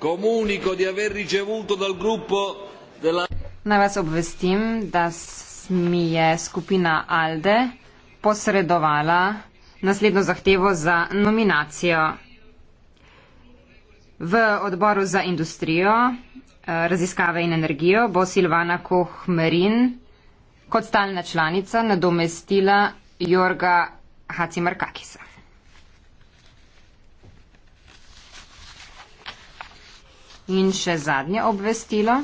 comunico di aver ricevuto dal gruppo della. Na vas obvestim, da mi je skupina Alde posredovala naslednjo zahtevo za nominacijo. V odboru za industrijo, eh, raziskave in energijo bo Silvana Kohmerin kot stalna članica nadomestila Jorga Hacimarkakisa. In še zadnje obvestilo.